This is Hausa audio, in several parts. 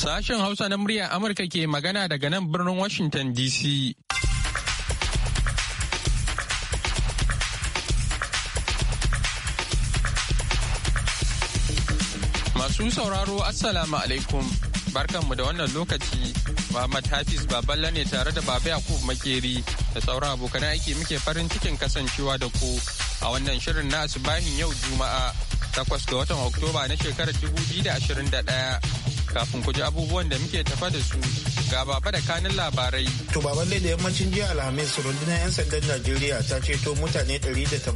Sashen Hausa na muryar Amurka ke magana daga nan birnin Washington DC. Masu sauraro Assalamu alaikum. Barkanmu da wannan lokaci, Muhammad Hafiz Baballa ne tare da Baba Yakub Makeri da sauran abokan aiki muke farin cikin kasancewa da ku a wannan shirin na asubahin yau Juma'a takwas ga watan Oktoba na shekarar 2021. kafin ku ji abubuwan da muke tafa da su ga baba da kanin labarai. To baban da yammacin jiya Alhamis rundunar 'yan sandan Najeriya ta ceto mutane 187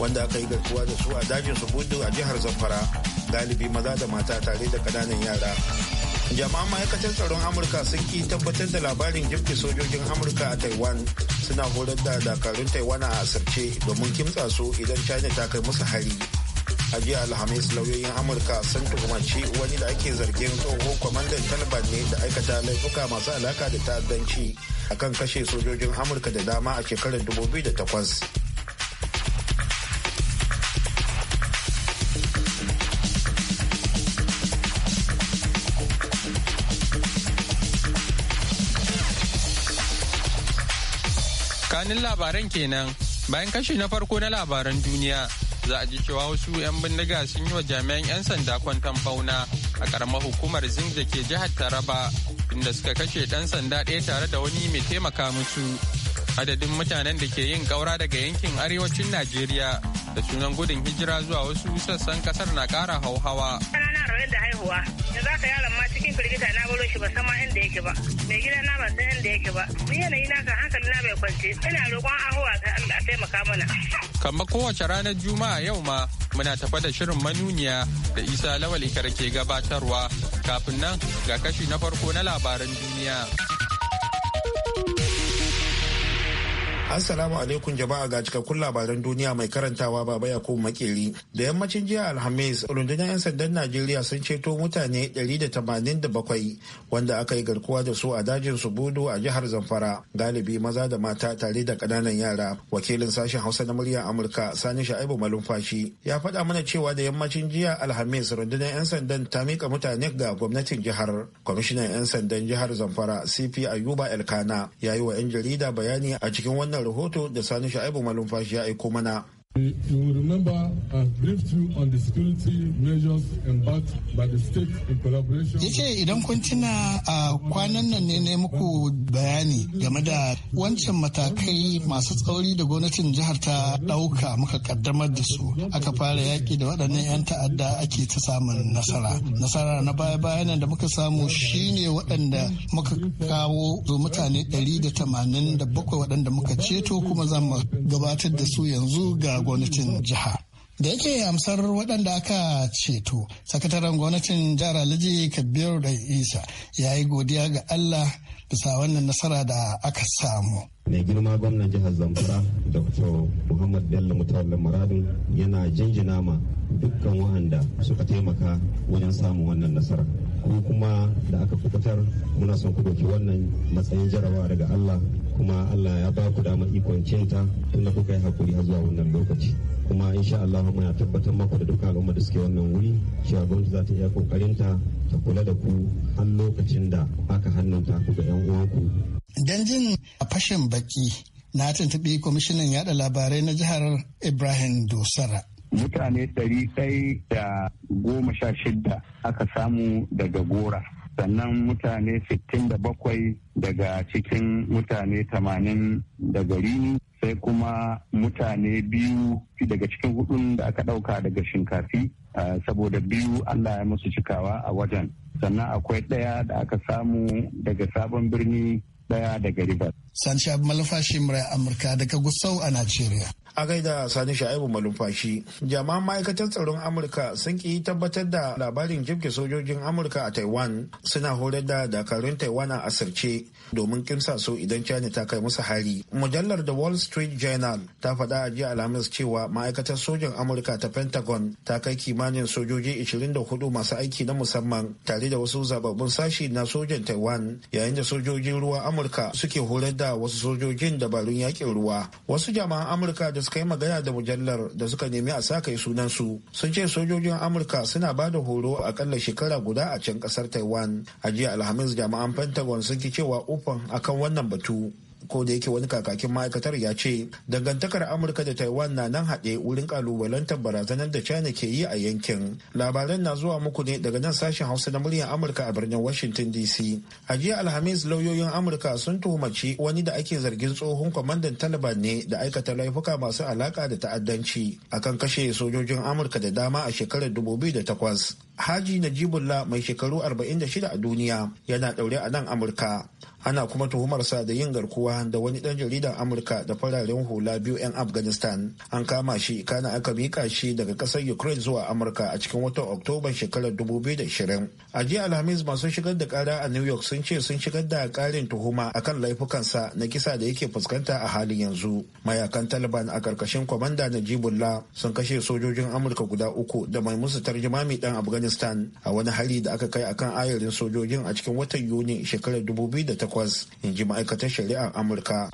wanda aka yi garkuwa da su a dajin Subudu a jihar Zamfara galibi maza da mata tare da kananan yara. Jama'a ma'aikatar tsaron Amurka sun ki tabbatar da labarin jirgin sojojin Amurka a Taiwan suna horar da dakarun Taiwan a asirce domin kimtsa su idan China ta kai musu hari. a jiya alhamis lauyoyin amurka sun tuhumanci wani da ake zargin tsohon kwamandan taliban ne da aikata laifuka masu alaka da ta'addanci a kan kashe sojojin amurka da dama a shekarar 2008 kanin labaran kenan bayan kashi na farko na labaran duniya za a ji cewa wasu 'yan bindiga sun yi wa jami'an 'yan sanda kwantan fauna a karamar hukumar zing da ke jihar taraba inda suka kashe ɗan sanda ɗaya tare da wani mai taimaka musu adadin mutanen da ke yin ƙaura daga yankin arewacin najeriya da sunan gudun hijira zuwa wasu sassan kasar na ƙara hauhawa. Ƙananan raunin da haihuwa, za ka yaron ma cikin firgita na baro shi ba san ma inda yake ba, mai gida na ba san inda yake ba, ni yanayi na kan hankali na bai kwance, ina roƙon ahuwa ta Allah taimaka mana. Kamar kowace ranar Juma'a yau ma muna tafa da shirin manuniya da Isa Lawal Ikar ke gabatarwa, kafin nan ga kashi na farko na labaran duniya. Assalamu alaikum jama'a ga cikakkun labaran duniya mai karantawa baba Yakubu Makeri. Da yammacin jiya Alhamis, rundunar 'yan sandan Najeriya sun ceto mutane 187 wanda aka yi garkuwa da su a dajin Subudu a jihar Zamfara, galibi maza da mata tare da kananan yara. Wakilin sashen Hausa na muryar Amurka Sani Sha'ibu Malumfashi ya faɗa mana cewa da yammacin jiya Alhamis rundunar 'yan sandan ta mika mutane ga gwamnatin jihar. Kwamishinan 'yan sandan jihar Zamfara CP Ayuba Elkana ya yi wa 'yan jarida bayani a cikin wannan rahoto da sani sha'ibu malumfashi ya aiko mana You will remember I briefed you on the security measures embarked by the state in collaboration. Yace idan kun tuna a kwanan nan ne ne muku bayani game da wancan matakai masu tsauri da gwamnatin jihar ta dauka muka kaddamar da su aka fara yaki da waɗannan 'yan ta'adda ake ta samun nasara. Nasara na baya bayan da muka samu shine waɗanda muka kawo zo mutane 187 waɗanda muka ceto kuma za gabatar da su yanzu ga gwamnatin jiha. da yake amsar waɗanda aka ceto sakataren gwamnatin jihar alhaji kabiru da isa ya yi godiya ga allah bisa wannan nasara da aka samu mai girma gwamnan jihar zamfara dr muhammad bello mutawallin muradun yana jinjina ma dukkan wahanda suka taimaka wajen samun wannan nasara ku kuma da aka kubutar muna son ku wannan matsayin jarawa daga allah kuma Allah ya ba ku damar ikon cinta tunda kuka yi hakuri har zuwa wannan lokaci kuma insha Allah muna tabbatar maku da duka al'umma da suke wannan wuri cewa gwamnati za ta iya kokarinta ta kula da ku har lokacin da aka hannunta ku ga 'yan uwanku. Dan jin fashin baki na tuntuɓi kwamishinan yada labarai na jihar Ibrahim Dosara. Mutane ɗari ɗaya da goma sha shidda aka samu daga gora. sannan mutane 67 daga cikin mutane 80 da gari ne sai kuma mutane biyu daga cikin hudun da aka dauka daga shinkafi saboda biyu allah ya musu cikawa a wajen sannan akwai ɗaya da aka samu daga sabon birni ɗaya daga rivers. Sanshab Malafashi Amurka daga Gusau a Najeriya. a gaida sani sha'ibu malumfashi jama'an ma'aikatar tsaron amurka sun ki tabbatar da labarin jibge sojojin amurka a taiwan suna horar da dakarun taiwan a asirce domin kimsa so idan china ta kai musu hari mujallar the wall street journal ta faɗa a jiya alhamis cewa ma'aikatar sojan amurka ta pentagon ta kai kimanin sojoji 24 masu aiki na musamman tare da wasu zababbun sashi na sojan taiwan yayin da sojojin ruwa amurka suke horar da wasu sojojin dabarun yakin ruwa wasu jama'an amurka da da suka yi magana da mujallar da suka nemi a sa kai sunansu sun ce sojojin amurka suna ba da horo akalla shekara guda a can kasar taiwan a jiya alhamis jama'an pentagon sun ki cewa ufan akan wannan batu ko da yake wani kakakin ma'aikatar ya ce dangantakar amurka da taiwan na nan haɗe wurin kalubalantar barazanar da china ke yi a yankin labaran na zuwa muku ne daga nan sashen hausa na muryar amurka a birnin washington dc a jiya alhamis lauyoyin amurka sun tuhumaci wani da ake zargin tsohon kwamandan taliban ne da aikata laifuka masu alaƙa da ta'addanci akan kashe sojojin amurka da dama a shekarar dubu biyu da takwas. Haji Najibullah mai shekaru 46 a duniya yana ɗaure a nan Amurka. Ana kuma tuhumarsa da yin garkuwa da wani ɗan jaridar Amurka da fararen hula biyu 'yan Afghanistan. An kama shi kana aka mika shi daga ƙasar Ukraine zuwa Amurka a cikin watan Oktoba shekarar 2020. A jiya Alhamis masu shigar da kara a New York sun ce sun shigar da ƙarin tuhuma akan laifukansa na kisa da yake fuskanta a halin yanzu. Mayakan Taliban a ƙarƙashin kwamanda Najibullah sun kashe sojojin Amurka guda uku da mai musu tarjima mai ɗan Afghanistan afghanistan a wani hari da aka kai akan ayarin sojojin a cikin watan yuni shekarar 2008 in ji ma'aikatar shari'ar amurka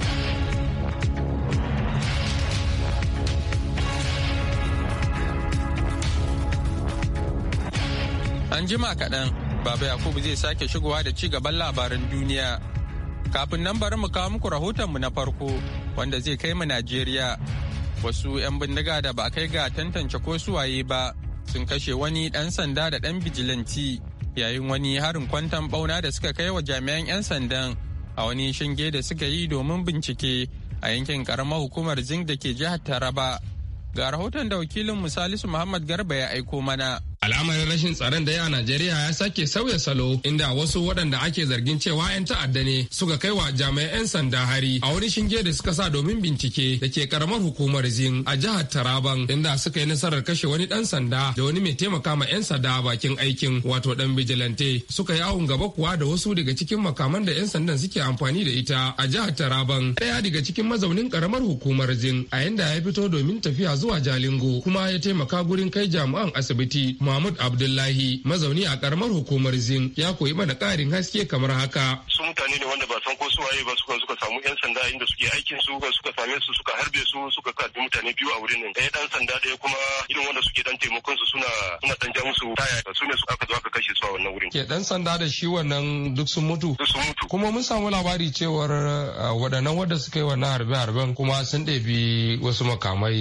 an jima kaɗan baba yakubu zai sake shigowa da ci gaban labaran duniya kafin nan bari mu kawo muku rahotonmu na farko wanda zai kai mu najeriya wasu 'yan bindiga da ba a kai ga tantance ko suwaye ba sun kashe wani ɗan sanda da ɗan bijilanti yayin wani harin kwantan ɓauna da suka kai wa jami'an 'yan sandan a wani shinge da suka yi domin bincike a yankin karamar hukumar zing da ke jihar taraba ga rahoton da wakilin musalisu muhammad garba ya aiko mana Al'amarin rashin tsaron da ya a Najeriya ya sake sauya salo inda wasu waɗanda ake zargin cewa 'yan ta'adda ne suka kai wa jami'an 'yan sanda hari a wani shinge da suka sa domin bincike da ke karamar hukumar Zin a jihar Taraban inda suka yi nasarar kashe wani ɗan sanda da wani mai taimaka ma 'yan sanda bakin aikin wato ɗan bijilante suka yi awon gaba kuwa da wasu daga cikin makaman da 'yan sandan suke amfani da ita a jihar Taraban ɗaya daga cikin mazaunin karamar hukumar Zin a inda ya fito domin tafiya zuwa Jalingo kuma ya taimaka gurin kai jami'an asibiti ma Mahmud Abdullahi mazauni a karamar hukumar Zin ya koyi mana ƙarin haske kamar haka. Su mutane ne wanda ba san ko su waye ba suka suka samu 'yan sanda inda suke aikin su suka same su suka harbe su suka kaɗi mutane biyu a wurin nan. Ɗaya ɗan sanda ɗaya kuma irin wanda suke dan taimakon su suna suna dan ja musu taya su ne su aka zo aka kashe su a wannan wurin. Ke ɗan sanda da shi wannan duk sun mutu. Duk sun mutu. Kuma mun samu labari cewar waɗannan wanda suka yi wannan harbe-harben kuma sun ɗebi wasu makamai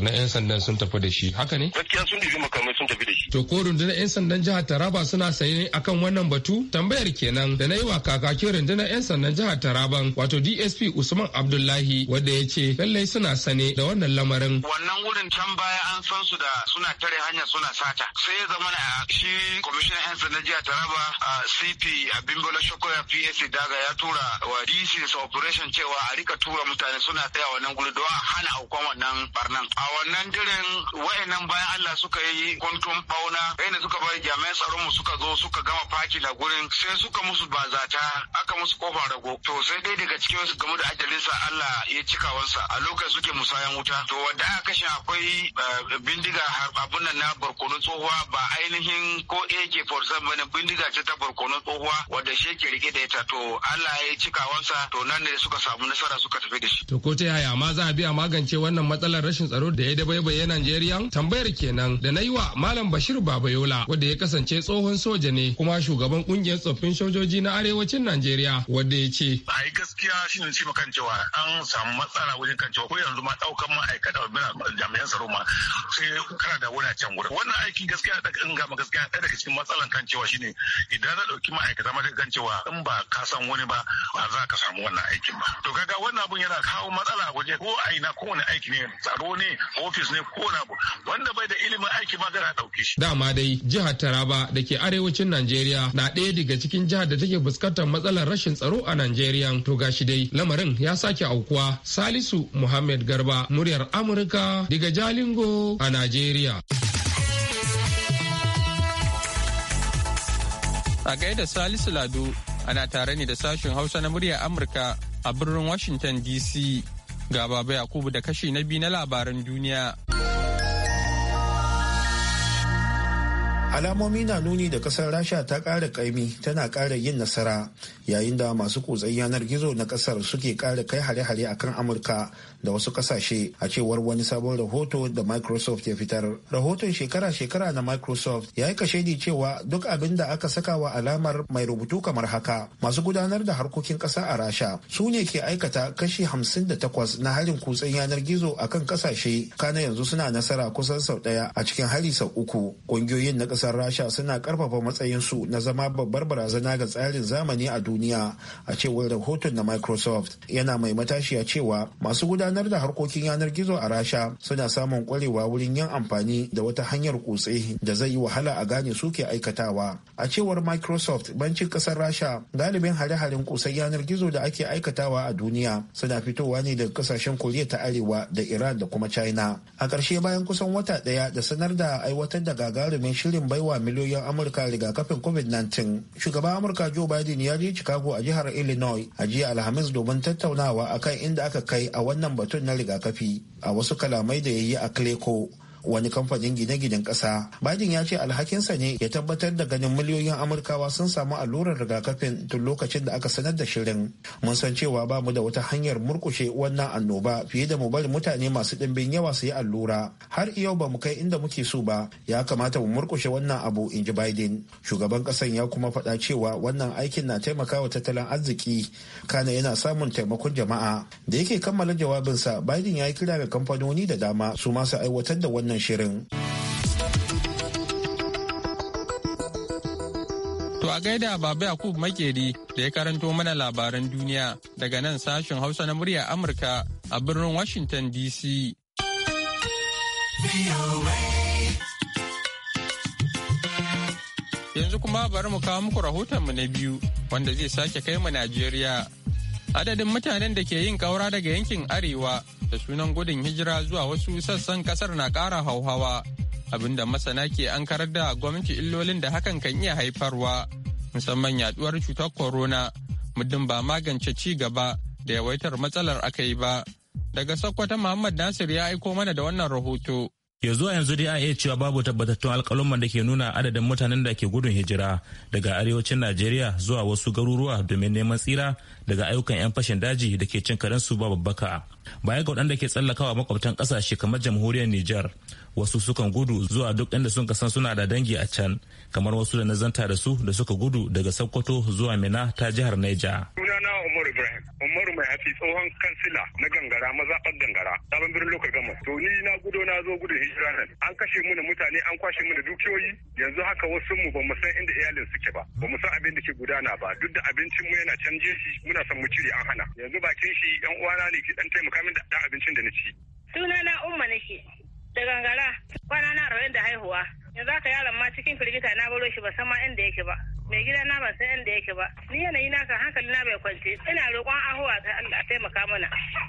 na 'yan sandan sun tafi da shi haka ne? Gaskiya sun ɗebi makamai sun tafi da shi. To ko rundunar 'yan sandan jihar Taraba suna saye ne akan wannan batu? Tambayar kenan da na yi wa kakakin rundunar 'yan sandan jihar taraba wato DSP Usman Abdullahi wanda ya ce lallai suna sane da wannan lamarin. Wannan wurin can baya an san su da suna tare hanya suna sata. Sai ya zama na shi kwamishinan 'yan sandan jihar Taraba a CP Abimbola Shokoya PSC daga ya tura wa DC's operation cewa a rika tura mutane suna tsaya wannan guri don a hana aukon wannan barnan. A wannan diren wa'annan bayan Allah suka yi kwanto tun bauna da suka bar jami'an tsaron mu suka zo suka gama faki da gurin sai suka musu bazata aka musu kofa rago to sai dai daga cikin su game da ajalinsa Allah ya cika wansa a lokacin suke musayan wuta to wanda aka kashe akwai eh, bindiga abun nan na barkono tsohuwa ba ainihin ko AK47 bane bindiga ce ta barkono tsohuwa wanda shi ke rike da ita to Allah ya cika wansa to nan ne suka samu nasara suka tafi da shi to ko ta yaya ma za a biya magance wannan matsalar rashin tsaro da ya dabaibaye Najeriya tambayar kenan da na yi wa malam Malam Bashir Babayola wanda ya kasance tsohon soja ne kuma shugaban kungiyar tsoffin sojoji na arewacin Najeriya wanda ya ce. Ai gaskiya shi ne ce kan cewa an samu matsala wajen kan cewa ko yanzu ma daukan ma'aikata jami'an tsaro ma sai kana da wani a can gudu. Wannan aikin gaskiya da in gama gaskiya ɗaya daga cikin matsalan kan cewa shine idan na ɗauki ma'aikata ma kan cewa in ba ka san wani ba ba za ka samu wannan aikin ba. To kaga wannan abun yana kawo matsala waje ko a ina kowane aiki ne tsaro ne ofis ne ko na wanda bai da ilimin aiki ma gara ɗauki. ɗauki shi. Dama dai jihar Taraba da ke arewacin Najeriya na ɗaya daga cikin jihar da take fuskantar matsalar rashin tsaro a Najeriya. To gashi dai lamarin ya sake aukuwa. Salisu Muhammad Garba muryar Amurka daga Jalingo a Najeriya. A gaida Salisu Lado ana tare ne da sashin Hausa na muryar Amurka a birnin Washington DC. Ga Baba Yakubu da kashi na biyu na labaran duniya. alamomi na nuni da kasar rasha ta ƙara ƙaimi tana ƙara yin nasara yayin da masu kutsen yanar gizo na ƙasar suke ƙara kai hare-hare akan amurka da wasu kasashe a cewar wani sabon rahoto da microsoft ya fitar rahoton shekara-shekara na microsoft ya yi kashedi cewa duk abin da aka saka wa alamar mai rubutu kamar haka masu gudanar da harkokin kasa a rasha su ne ke aikata kashi hamsin da takwas na halin kutsen yanar gizo a kan kasashe kana yanzu suna nasara kusan sau ɗaya a cikin hari sau uku ƙungiyoyin na ƙasar rasha suna ƙarfafa matsayinsu na zama babbar barazana ga tsarin zamani a duniya a cewar rahoton na microsoft yana mai matashi a cewa masu gudanar gudanar da harkokin yanar gizo a rasha suna samun kwarewa wurin yin amfani da wata hanyar kutse da zai yi wahala a gane suke aikatawa a cewar microsoft bancin kasar rasha galibin hare-haren kusan yanar gizo da ake aikatawa a duniya suna fitowa ne daga kasashen koriya ta arewa da iran da kuma china a ƙarshe bayan kusan wata ɗaya da sanar da aiwatar da gagarumin shirin baiwa miliyoyin amurka rigakafin covid-19 shugaban amurka joe biden ya je chicago a jihar illinois a jiya alhamis domin tattaunawa akan inda aka kai a wannan batun na rigakafi a wasu kalamai da ya yi a Kleko wani kamfanin gine-ginen ƙasa. Biden ya ce alhakinsa ne ya tabbatar da ganin miliyoyin Amurkawa sun samu allurar rigakafin tun lokacin da aka sanar da shirin. Mun san cewa ba mu da wata hanyar murkushe wannan annoba fiye da mu bari mutane masu ɗimbin yawa su yi allura. Har yau ba mu kai inda muke so ba, ya kamata mu murkushe wannan abu, in ji Biden. Shugaban ƙasan ya kuma faɗa cewa wannan aikin na taimakawa tattalin arziki, kana yana samun taimakon jama'a. Da yake kammala jawabinsa, Biden ya yi kira ga kamfanoni da dama su masu aiwatar da wannan wannan shirin. To a gaida Baba Yakub Makeri da ya karanto mana labaran duniya daga nan sashen Hausa na murya Amurka a birnin Washington DC. Yanzu kuma bari mu kawo muku rahotonmu na biyu wanda zai sake kai mu Najeriya. Adadin mutanen da ke yin ƙaura daga yankin Arewa da sunan gudun hijira zuwa wasu sassan kasar na ƙara hauhawa abinda masana ke an karar da gwamnati illolin da hakan kan iya haifarwa musamman yaduwar cutar corona muddin ba magance ci gaba da yawaitar matsalar aka yi ba daga sokoto muhammad nasir ya aiko mana da wannan rahoto ya zuwa yanzu dai a iya cewa babu tabbatattun alkalumman da ke nuna adadin mutanen da ke gudun hijira daga arewacin najeriya zuwa wasu garuruwa domin neman tsira daga ayyukan 'yan fashin daji da ke cin karensu ba babbaka baya ga waɗanda ke tsallakawa makwabtan ƙasashe kamar jamhuriyar niger wasu sukan gudu zuwa duk inda sun san suna da dangi a can kamar wasu da na zanta da su da suka gudu daga sokoto zuwa mina ta jihar niger fi tsohon kansila na gangara mazaɓar gangara sabon birnin lokal gama to ni na gudo na zo gudun hijira nan an kashe mu mutane an kwashe mu da dukiyoyi yanzu haka wasu mu ba mu san inda iyalin suke ba ba mu san abin da ke gudana ba duk da abincin mu yana canje shi muna son mu cire an hana yanzu bakin shi yan uwana ne ke dan taimaka min da abincin da na ci Suna na umma nake da gangara kwana na arba'in da haihuwa za ka yaron ma cikin firgita na baro shi ba sama inda yake ba mai gida na ban san inda yake ba ni yanayi na ka hankali na bai kwance ina roƙon ahuwa ta Allah a taimaka mana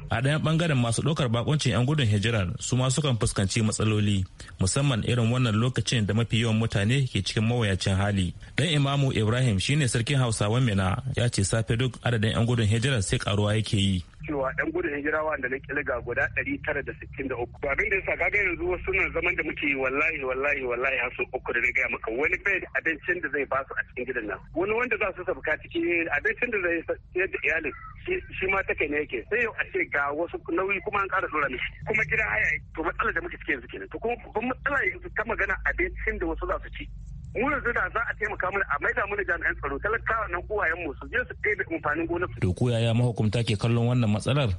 a ɗayan bangaren masu ɗaukar bakoncin yan gudun hijirar su ma sukan fuskanci matsaloli musamman irin wannan lokacin da mafi yawan mutane ke cikin mawayacin hali dan imamu ibrahim shine sarkin hausawan mina ya ce safe duk adadin yan gudun hijirar sai karuwa yake yi cewa yan gudun hijira wanda na kilga guda ɗari tara da sittin da uku. Abin da yasa kaga yanzu wasu nan zaman da muke wallahi wallahi wallahi har su uku da na gaya maka wani bai da abincin da zai basu a cikin gidan nan wani wanda za su sabka cikin abincin da zai sayar da iyalin shi ma take ne yake sai a ce ga wasu nauyi kuma an ƙara dora mishi kuma gidan haya to matsalar da muke cikin yanzu kenan to kuma matsala yanzu ta magana abincin da wasu za su ci mu yanzu da za a taimaka mana a maida mana jami'an tsaro talakawa nan uwayen mu su je su kai da amfanin gona. su. To ko yaya mahukunta ke kallon wannan matsalar?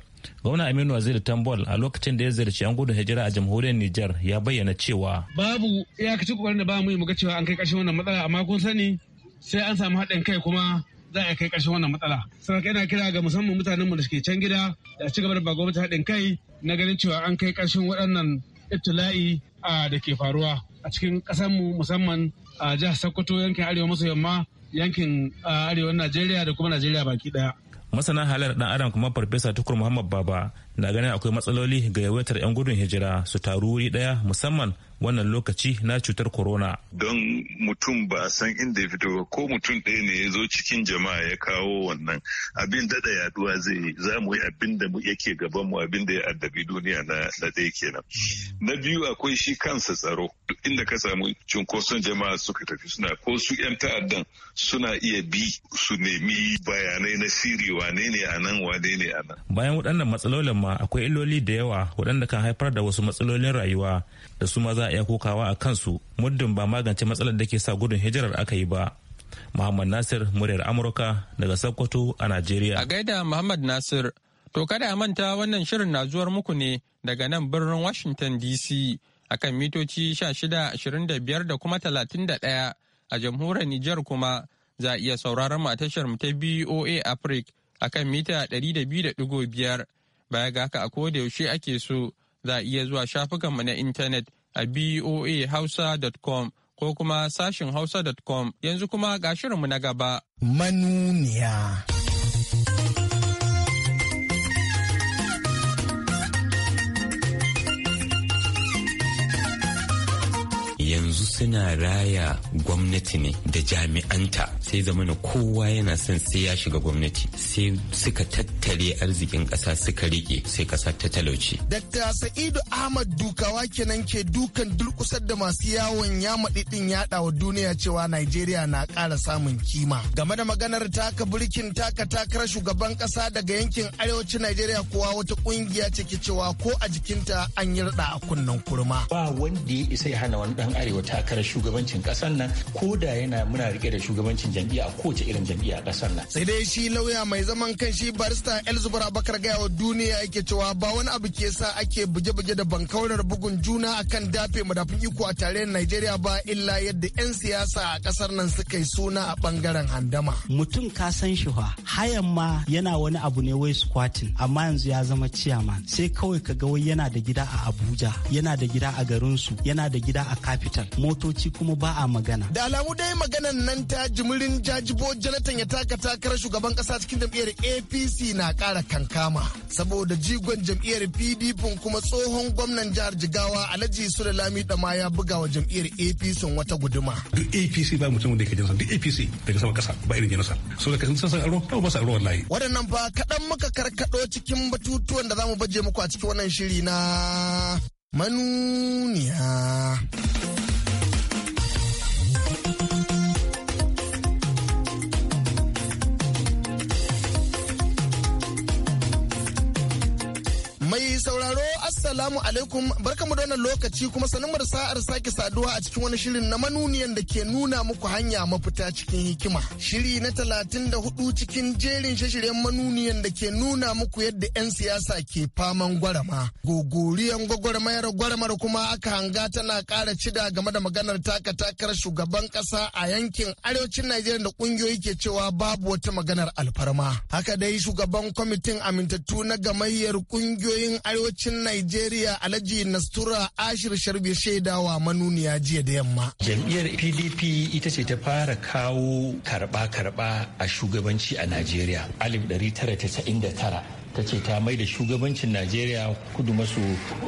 Gwamna Aminu Waziri Tambol a lokacin da ya ziyarci an gudun hijira a jamhuriyar Nijar ya bayyana cewa. Babu iyakacin kokarin da ba mu yi ga cewa an kai ƙarshen wannan matsala amma kun sani sai an samu haɗin kai kuma za a kai ƙarshen wannan matsala. Saboda yana kira ga musamman mutanen mu da suke can gida da ci gaba da ba gwamnati haɗin kai na ganin cewa an kai ƙarshen waɗannan ittila'i da ke faruwa. a cikin mu musamman a jihar Sokoto yankin arewa maso yamma yankin arewa Najeriya da kuma Najeriya baki daya. Masana halar dan adam kuma Farfesa Tukur Muhammad Baba na ganin akwai matsaloli ga yawaitar 'yan gudun hijira su taru wuri daya musamman wannan lokaci na cutar corona. Don mutum ba a san inda ya fito ba ko mutum ɗaya ne ya zo cikin jama'a ya kawo wannan abin daɗa yaduwa zai yi za mu yi abin da yake gaban mu abin da ya addabi duniya na ɗaya kenan. Na biyu akwai shi kansa tsaro duk inda ka samu cunkoson jama'a suka tafi suna ko su 'yan ta'addan suna iya bi su nemi bayanai na siri wane ne a nan wane ne a nan. Bayan waɗannan matsalolin ma akwai illoli da yawa waɗanda kan haifar da wasu matsalolin rayuwa da su ma za iya kokawa a kansu muddin ba magance matsalar da ke sa gudun hijirar aka yi ba muhammad nasir muryar amurka daga sokoto a najeriya a gaida muhammad nasir to kada a manta wannan shirin na zuwar muku ne daga nan birnin washington dc akan mitoci 1625 da kuma 31 a jamhuriyar niger kuma za a iya sauraron tashar mu ta BOA Africa akan mita 200.5 baya ga haka a koda yaushe ake so za a iya zuwa shafukanmu na intanet a boa ko kuma sashin hausa.com yanzu kuma ga shirinmu na gaba. Manuniya. yanzu suna raya gwamnati ne da jami'anta sai zama zamana kowa yana son sai ya shiga gwamnati sai suka tattare arzikin ƙasa suka rike sai ƙasa ta talauci. Dr. Sa'idu Ahmad Dukawa kenan ke dukan durkusar da masu yawon ɗin yaɗa wa duniya cewa Najeriya na ƙara samun kima. Game da maganar taka birkin taka takarar shugaban ƙasa daga yankin arewacin Najeriya kuwa wata ƙungiya ce ke cewa ko a jikinta an yi a kunnen kurma. Ba wanda ya isa ya hana wani ɗan arewa takarar shugabancin kasar nan ko da yana muna rike da shugabancin jam'iyya a kowace irin jam'iyya a kasar nan sai dai shi lauya mai zaman kanshi barista elizabeth abakar gaya wa duniya yake cewa ba wani abu ke sa ake buge-buge da bankaunar bugun juna akan dafe madafin iko a tarayyar nigeria ba illa yadda 'yan siyasa a kasar nan suka yi suna a bangaren handama mutum ka san shi fa hayan ma yana wani abu ne wai squatting amma yanzu ya zama ciyaman sai kawai ka ga wai yana da gida a abuja yana da gida a garinsu yana da gida a kafin hospital motoci kuma ba a magana da alamu dai maganan nan ta jimirin jajibo jonathan ya taka takarar shugaban kasa cikin jam'iyyar apc na kara kankama saboda jigon jam'iyyar pdp kuma tsohon gwamnan jihar jigawa alhaji lami dama ya buga wa jam'iyyar apc wata guduma duk apc ba mutum da ke jinsa duk apc daga sama kasa ba irin jinsa so da kasan san aro ba masa aro wallahi waɗannan fa kaɗan muka karkaɗo cikin batutuwan da zamu baje muku a cikin wannan shiri na manuniya. Assalamu alaikum barkamu da wannan lokaci kuma sanin da sa'ar sake saduwa a cikin wani shirin na manuniyan da ke nuna muku hanya mafita cikin hikima. Shiri na talatin da hudu cikin jerin shashiren manuniyan da ke nuna muku yadda 'yan siyasa ke faman gwarama. Gogoriyan gwagwarmayar gwaramar kuma aka hanga tana kara cida game da maganar taka takar shugaban ƙasa a yankin arewacin Najeriya da kungiyoyi ke cewa babu wata maganar alfarma. Haka dai shugaban kwamitin amintattu na gamayyar ƙungiyoyin arewacin Najeriya Najeriya Alhaji Nastura Ashir Sharbi shaidawa manuniya jiya da yamma. Jam'iyyar PDP ita ce ta fara kawo karba-karba a shugabanci a Najeriya. Alif tara ta ce ta mai da shugabancin najeriya kudu maso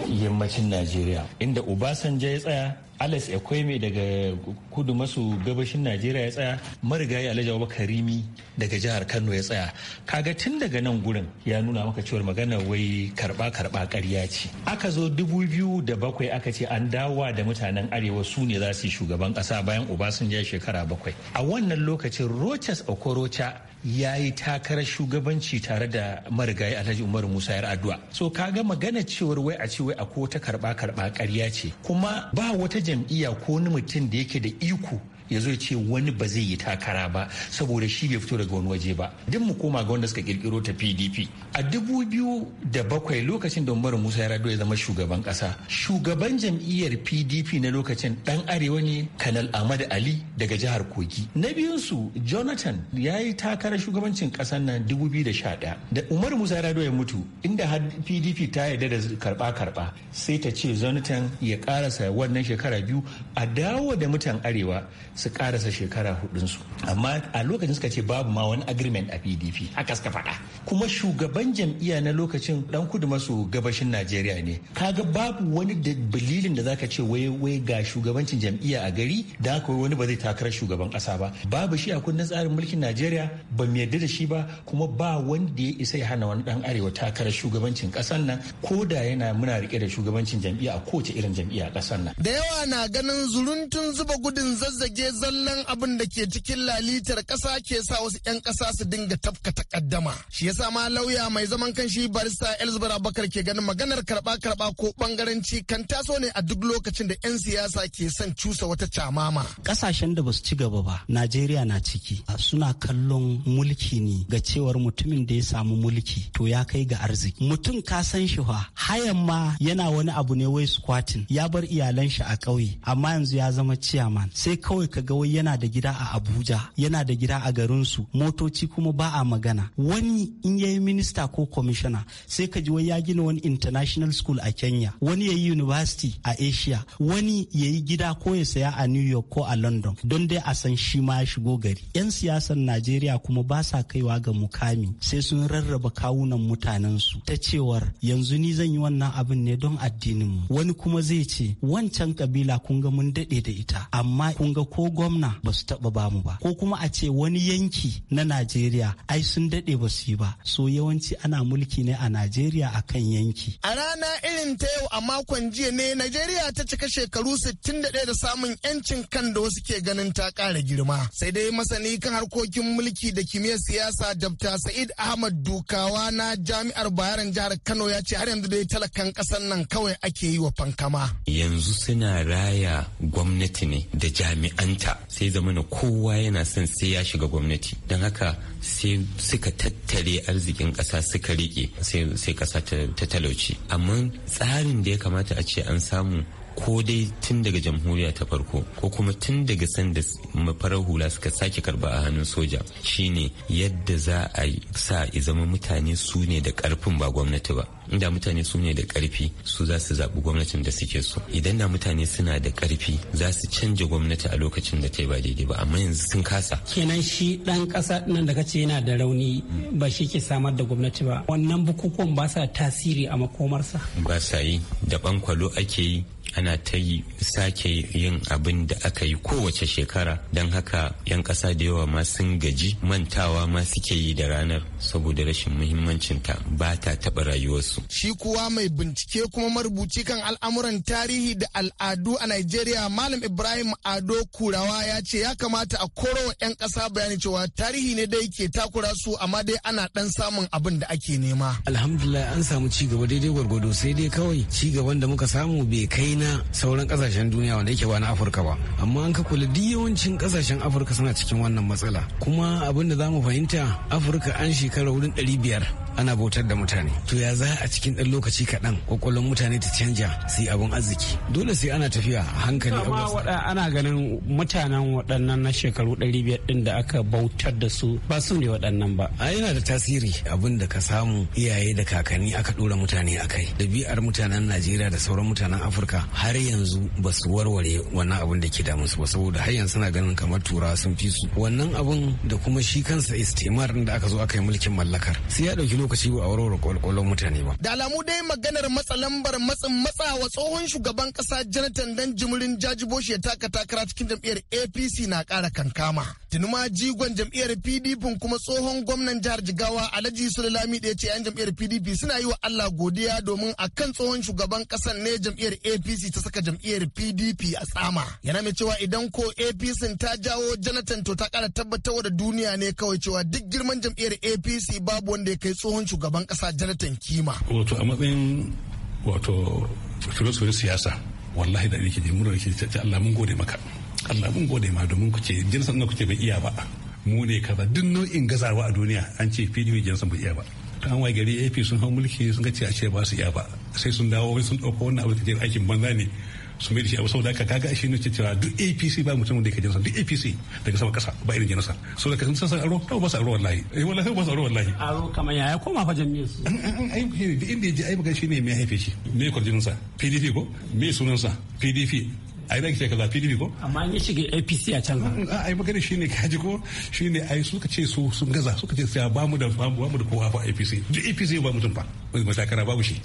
yammacin najeriya inda obasanjo ya tsaya Alex Ekweme daga kudu maso gabashin Najeriya ya tsaya marigayi Alhaji Abubakar Rimi daga jihar Kano ya tsaya kaga tun daga nan gurin ya nuna maka cewar magana wai karba karba karya ce aka zo dubu biyu da bakwai aka ce an dawa da mutanen arewa su ne za su yi shugaban kasa bayan Obasanjo shekara bakwai a wannan lokacin Rochas Okorocha ya yi takarar shugabanci tare da marigayi alhaji umaru musa yar addu'a so ka kaga magana cewar wai a ce wai a ko ta karba karba karya ce kuma ba wata jam'iyya ko wani mutum da yake da iko ya zo ce wani ba zai yi takara ba saboda shi bai fito daga wani waje ba duk mu koma ga wanda suka kirkiro ta pdp a dubu biyu da bakwai lokacin da umaru musa ya rado ya zama shugaban kasa shugaban jam'iyyar pdp na lokacin dan arewa ne kanal ahmad ali daga jihar kogi na biyunsu jonathan ya yi takarar shugabancin kasar nan dubu biyu da sha ɗaya da umaru musa ya rado ya mutu inda har pdp ta yarda da karba karba sai ta ce jonathan ya karasa wannan shekara biyu a dawo da mutan arewa su karasa shekara hudunsu amma a lokacin suka ce babu ma wani agreement a pdp haka suka faɗa kuma shugaban jam'iyya na lokacin dan kudu maso gabashin najeriya ne kaga babu wani dalilin da zaka ce wai wai ga shugabancin jam'iyya a gari da haka wani ba zai takarar shugaban kasa ba babu shi a kundin tsarin mulkin najeriya ba mu yarda da shi ba kuma ba wanda ya isa ya hana wani dan arewa takarar shugabancin kasan nan ko da yana muna rike da shugabancin jam'iyya a kowace irin jam'iyya a kasan nan da yawa na ganin zuruntun zuba gudun zazzage ce zallan abin da ke cikin lalitar kasa ke sa wasu 'yan ƙasa su dinga tafka takaddama. Shi yasa ma lauya mai zaman kanshi barista Elizabeth bakar ke ganin maganar karɓa karba ko ɓangaranci kan taso ne a duk lokacin da 'yan siyasa ke son cusa wata camama. Ƙasashen da basu ci gaba ba, Najeriya na ciki. Suna kallon mulki ne ga cewar mutumin da ya samu mulki to ya kai ga arziki. Mutum ka san shi fa, hayan ma yana wani abu ne wai squatting ya bar iyalan shi a ƙauye amma yanzu ya zama ciyaman sai kawai ka ga wai yana da gida a Abuja yana da gida a garinsu motoci kuma ba a magana wani in yayi minista ko commissioner sai ka ji wai ya gina wani international school a Kenya wani yayi university a Asia wani yayi gida ko ya saya a New York ko a London don dai a san shi ma ya shigo gari yan siyasar Najeriya kuma ba sa kaiwa ga mukami sai sun rarraba kawunan mutanensu ta cewar yanzu ni zan yi wannan abin ne don addinin mu wani kuma zai ce wancan kabila kun ga mun dade da ita amma kun ga ko ko gwamna ba su taɓa bamu ba ko kuma a ce wani yanki na najeriya ai sun dade ba su yi ba so yawanci ana mulki ne a najeriya a kan yanki a rana irin ta yau a makon jiya ne najeriya ta cika shekaru sittin da ɗaya da samun yancin kan da wasu ke ganin ta kara girma sai dai masani kan harkokin mulki da kimiyyar siyasa dabta sa'id ahmad dukawa na jami'ar bayaran jihar kano ya ce har yanzu dai talakan ƙasar nan kawai ake yi wa fankama yanzu suna raya gwamnati ne da jami'an fahimta sai zamana kowa yana son sai ya shiga gwamnati don haka sai suka tattare arzikin ƙasa suka rike sai ƙasa ta talauci amma tsarin da ya kamata a ce an samu ko dai tun daga jamhuriya ta farko ko kuma tun daga sanda mafarar hula suka sake karba a hannun soja shine yadda za a sa zama mutane su ne da karfin ba gwamnati ba inda mutane su ne da karfi su za su zaɓi gwamnatin da suke so idan da mutane suna da karfi za su canja gwamnati a lokacin da ta yi ba daidai ba amma yanzu sun kasa kenan shi dan ƙasa nan da kace yana da rauni ba shi ke samar da gwamnati ba wannan bukukuwan ba sa tasiri a makomarsa ba sa yi da bankwalo ake yi ana ta yi sake yin abin da aka yi kowace shekara don haka 'yan kasa da yawa ma sun gaji mantawa ma suke yi da ranar saboda rashin muhimmancinta ba ta taba rayuwarsu. Shi kuwa mai bincike kuma marubuci kan al'amuran tarihi da al'adu a nigeria Malam Ibrahim Ado Kurawa ya ce ya kamata a koro 'yan kasa bayani cewa tarihi ne dai ke takura su amma dai ana dan samun abin da ake nema. Alhamdulillah an samu ci gaba daidai gwargwado sai dai kawai ci gaban da muka samu bai kai na na sauran kasashen duniya wanda yake ba na afirka ba amma an ka kula duk yawancin kasashen afirka suna cikin wannan matsala kuma abin da za mu fahimta afirka an shekara wurin ɗari biyar ana bautar da mutane to ya za a cikin ɗan lokaci kaɗan kwakwalwar mutane ta canja yi abun arziki dole sai ana tafiya a hankali a ana ganin mutanen waɗannan na shekaru ɗari biyar ɗin da aka bautar da su ba su ne waɗannan ba a yana da tasiri abin da ka samu iyaye da kakanni aka ɗora mutane a kai ɗabi'ar mutanen najeriya da sauran mutanen afirka har yanzu ba su warware wannan abin da ke musu ba saboda har yanzu suna ganin kamar tura sun fi su wannan abun da kuma shi kansa istimar da aka zo aka yi mulkin mallakar sai ya ɗauki lokaci ba a warware kwalkwalon mutane ba. Da alamu dai maganar matsa lambar matsin matsa wa tsohon shugaban kasa Jonathan dan jimirin jajiboshi ya taka takara cikin jam'iyyar APC na kara kankama. Tunuma jigon jam'iyyar PDP kuma tsohon gwamnan jihar Jigawa Alhaji Sulalami da ya ce 'yan jam'iyyar PDP suna yi wa Allah godiya domin a kan tsohon shugaban kasan ne jam'iyyar APC ta saka jam'iyyar PDP a tsama. Yana mai cewa idan ko APC ta jawo Jonathan to ta kara tabbatar da duniya ne kawai cewa duk girman jam'iyyar APC babu wanda ya kai tsohon tsohon shugaban kasa jonathan kima wato a matsayin wato filosofi siyasa wallahi da ke jimura da ke ce allah mun gode maka allah mun gode ma domin ku ce jinsan na ce bai iya ba mu ne kaza duk nau'in gazawa a duniya an ce pdp jinsan bai iya ba ta an waye gari ap sun hau mulki sun ga ce a ce ba su iya ba sai sun dawo sun ɗauko wannan abu da aikin banza ne su mai da shi abu saboda haka kaga shi ne cewa duk APC ba mutum da yake jinsa duk APC daga sama kasa ba irin jinsa da kasan san aro ta ba sa aro wallahi eh wallahi ba sa aro wallahi aro kamar yaya koma fa jami'ar su ai duk inda ya ji ai buga shi ne mai haife shi me kwarjinsa PDP ko mai sunansa PDP a da ke kaza PDP ko amma an yi shiga APC a can a mm, ai magana shine kaji ko shine ai suka ce su sun gaza suka ce sai ba mu da ba mu da kowa fa APC da APC ba mutum fa matakara babu shi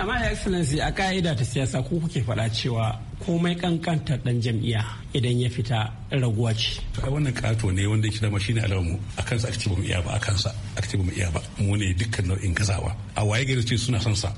amma ya excellency a ka'ida ta siyasa ko kuke faɗa cewa komai kankantar dan jam'iyya idan ya fita raguwa ce to ai wannan kato ne wanda yake dama shine alamu a kansa aka ce ba mu iya ba a kansa aka ce ba mu iya ba mu ne dukkan nau'in gazawa a waye gari ce suna son sa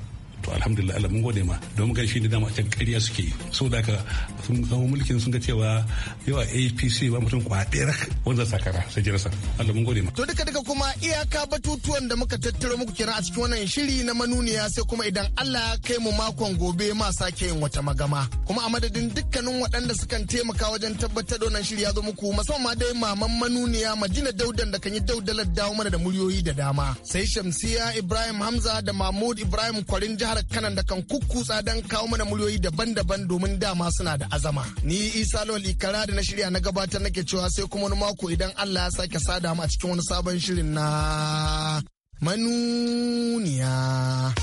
to alhamdulillah Allah mun gode ma don gan shi ne dama a can ƙarya suke da ka sun kawo mulkin sun ga cewa yawa APC ba mutum kwaɗe wanda sakara sai sa Allah mun gode ma to duka duka kuma iyaka batutuwan da muka tattaro muku kira a cikin wannan shiri na manuniya sai kuma idan Allah ya kai mu makon gobe ma sake yin wata magama kuma a madadin dukkanin waɗanda sukan taimaka wajen tabbatar da wannan shiri ya zo muku musamman dai maman manuniya Madina Daudan da kan yi daudalar dawo mana da muryoyi da dama sai Shamsiya Ibrahim Hamza da Mahmud Ibrahim Kwarin jihar tsara kanan da kan kukkutsa don kawo mana muryoyi daban-daban domin dama suna da azama. Ni Isa Lawal Ikara da na shirya na gabatar nake cewa sai kuma wani mako idan Allah ya sake sada mu a cikin wani sabon shirin na manuniya.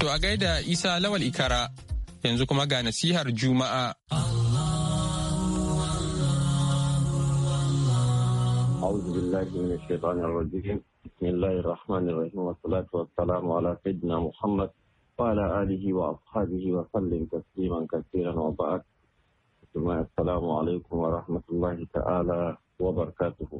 To a gaida Isa Lawal Ikara yanzu kuma ga nasihar Juma'a. أعوذ بالله من الشيطان الرجيم بسم الله الرحمن الرحيم والصلاة والسلام على سيدنا محمد وعلى آله وأصحابه وسلم تسليما كثيرا وبعد ثم السلام عليكم ورحمة الله تعالى وبركاته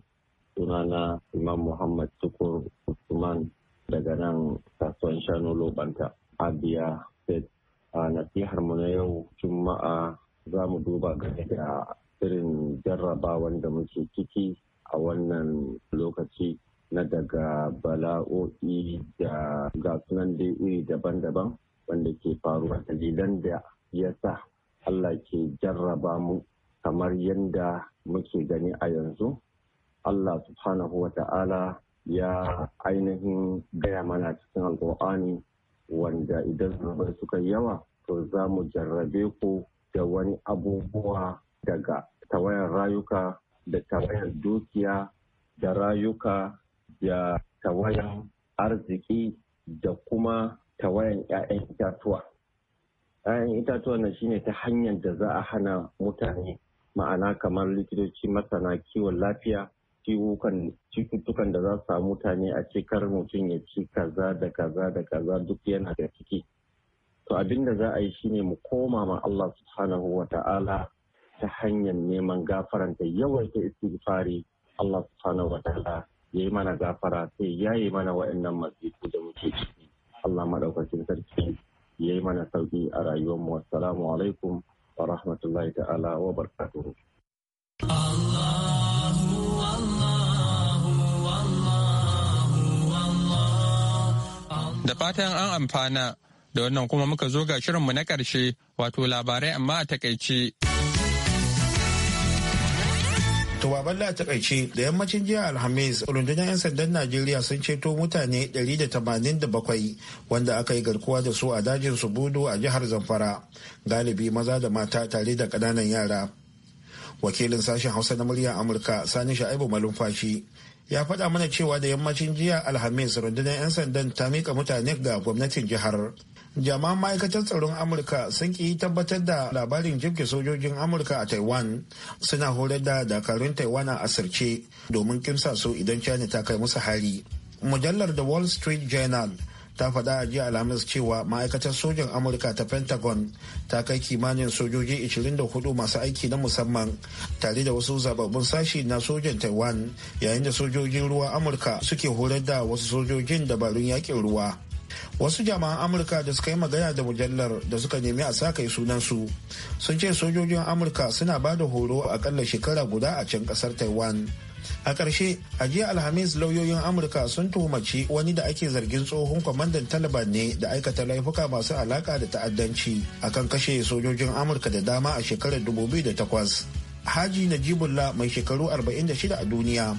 sunana Imam Muhammad Tukur Usman daga nan kasuwan shanu Lobanta a biya State. A nasihar mu na yau Juma'a za mu duba game da irin jarrabawan da muke ciki a wannan lokaci na daga bala'o'i da gasunan dai iri daban-daban wanda ke faruwa dalilan da ya sa Allah ke jarraba mu kamar yadda muke gani a yanzu Allah subhanahu wa ta'ala ya ainihin gaya mana cikin alƙur'ani wanda idan zubar suka yawa to za mu jarrabe ku da wani abubuwa daga tawayar rayuka da tawayar dukiya da rayuka da tawayan arziki da kuma tawayan 'ya'yan itatuwa. 'ya'yan itatuwa na shine ta hanyar da za a hana mutane ma'ana kamar likitoci masana kiwon lafiya cututtukan da za su samu mutane a cikar mutum ya ci kaza da kaza da kaza duk yana da ciki. To abinda za a yi shine mu koma ma Allah subhanahu wa ta'ala ta hanyar neman gafaranta yawaita istighfari Allah subhanahu wa ta'ala ya yi mana gafara sai ya yi mana waɗannan masifu da muke ciki Allah maɗaukacin sarki ya yi mana sauki a rayuwarmu assalamu alaikum wa rahmatullahi ta'ala wa barakatuhu Da fatan an amfana da wannan kuma muka zo ga shirinmu na ƙarshe wato labarai amma a takaice. To baballa ta takaice da yammacin jiya Alhamis rundunar 'yan sandan Najeriya sun ceto mutane 187 wanda aka yi garkuwa da su a dajin Subudu a jihar Zamfara galibi maza da mata tare da ƙananan yara. Wakilin sashen Hausa na muryar Amurka Sani Sha'ibu Malumfashi ya faɗa mana cewa da yammacin jiya alhamis rundunar 'yan sandan ta mika mutane ga gwamnatin jihar jama'an ma'aikatar tsaron amurka sun ki tabbatar da labarin jibge sojojin amurka a taiwan suna horar da dakarun taiwan a asirce domin kimsa su idan china ta kai musu hari mujallar the wall street journal ta faɗa a jiya alhamis cewa ma'aikatar sojan amurka ta pentagon ta kai kimanin sojoji 24 masu aiki na musamman tare da wasu zababbun sashi na sojan taiwan yayin da sojojin ruwa amurka suke horar da wasu sojojin dabarun yakin ruwa wasu jama'an amurka da suka yi magana da mujallar da suka nemi a sa kai sunansu sun ce sojojin amurka suna ba da horo akalla shekara guda a can kasar taiwan a ƙarshe a jiya alhamis lauyoyin amurka sun tuhumaci wani da ake zargin tsohon kwamandan taliban ne da aikata laifuka masu alaka da ta'addanci akan kashe sojojin amurka da dama a shekarar 2008 haji najibullah mai shekaru 46 a duniya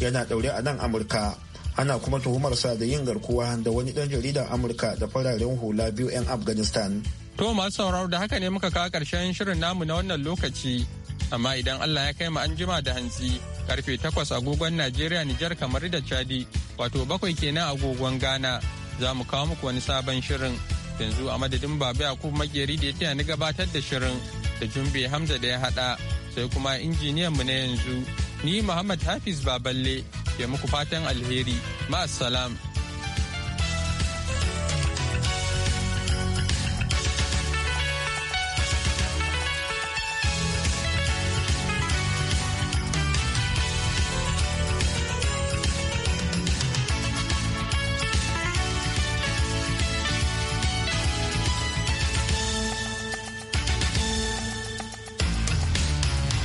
yana ɗaure a nan amurka ana kuma tuhumarsa da yin garkuwa da wani ɗan jaridar amurka da fararen hula biyu 'yan afghanistan to masu sauraro da haka ne muka kawo ƙarshen shirin namu na wannan lokaci amma idan allah ya kai mu an jima da hantsi karfe 8 agogon Najeriya Nijar kamar da Chadi wato bakwai kenan agogon Ghana za mu kawo muku wani sabon shirin yanzu a madadin Baba Yakub Makeri da ya taya ni gabatar da shirin da Jumbe Hamza da ya hada sai kuma injiniyan mu na yanzu ni Muhammad Hafiz Baballe ke muku fatan alheri ma'assalam.